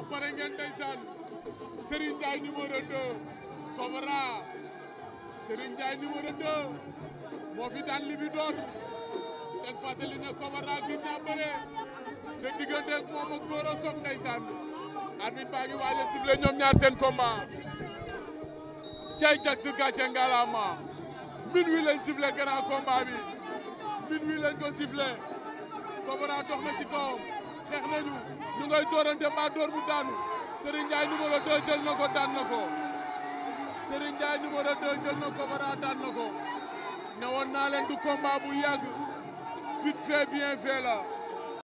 non pare ngeen ndeysaan Serigne Ndiaye numéro 2 Cobra Serigne Ndiaye moo fi daan Libidor ten fàttali ne Cobra gi ñaa bëre ca diggante ak moom ak Gora Sock ndeysaan arbitre baa ñaar seen combat cay jag si gàcce ngalaama minuit lañ sifflé grand bi minuit lañ ko sifflé Cobra dox ci kawam nañu ñu ngay doorante ba door bu daanu Serigne Ndiaye numéro 2 jël na ko daan na ko Serigne Ndiaye numéro ne woon naa du combat bu yàgg vite bien fait